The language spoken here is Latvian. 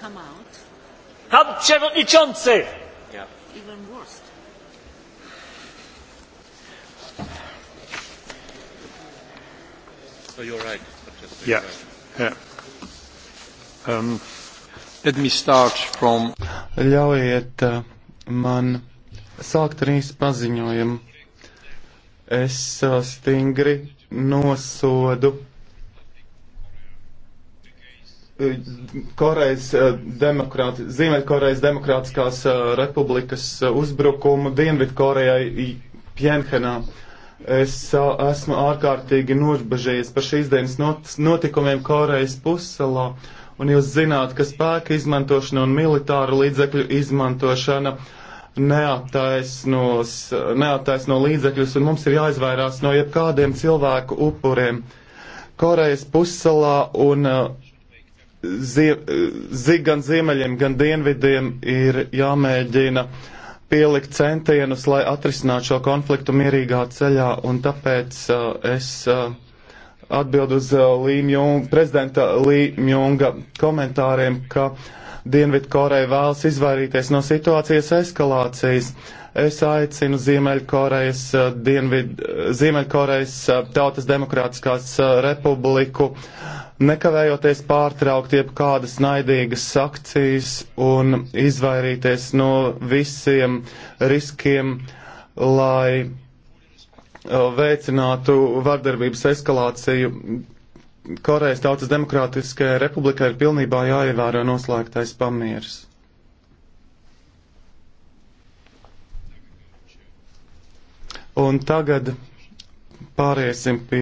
come out. Pan przewodniczący! Yeah. Even worse. So oh, you're right. Yeah. yeah. Um, let me start from. Ļaujiet uh, man sākt ar īsu paziņojumu. Es uh, stingri nosodu Korejas eh, demokrāti, Ziemeļkorejas Demokrātiskās eh, republikas eh, uzbrukumu Dienvidkorejai Pjenhenā. Es esmu ārkārtīgi nožbažījies par šīs dienas not notikumiem Korejas pussalā, un jūs zināt, ka spēka izmantošana un militāru līdzekļu izmantošana neattaisnos, neattaisno līdzekļus, un mums ir jāizvairās no jebkādiem cilvēku upuriem. Korejas pussalā un uh, zie, zi, gan ziemeļiem, gan dienvidiem ir jāmēģina pielikt centienus, lai atrisinātu šo konfliktu mierīgā ceļā, un tāpēc uh, es uh, atbildu uz uh, Līmjunga, prezidenta Līmjunga komentāriem, ka Dienvidkoreja vēlas izvairīties no situācijas eskalācijas. Es aicinu Ziemeļkorejas, uh, Dienvid, Ziemeļkorejas uh, Tautas Demokrātiskās uh, Republiku uh, nekavējoties pārtraukt jebkādas naidīgas akcijas un izvairīties no visiem riskiem, lai veicinātu vardarbības eskalāciju. Korejas Tautas Demokrātiskajai Republikai ir pilnībā jāievēro noslēgtais pamieris. Un tagad pāriesim pie.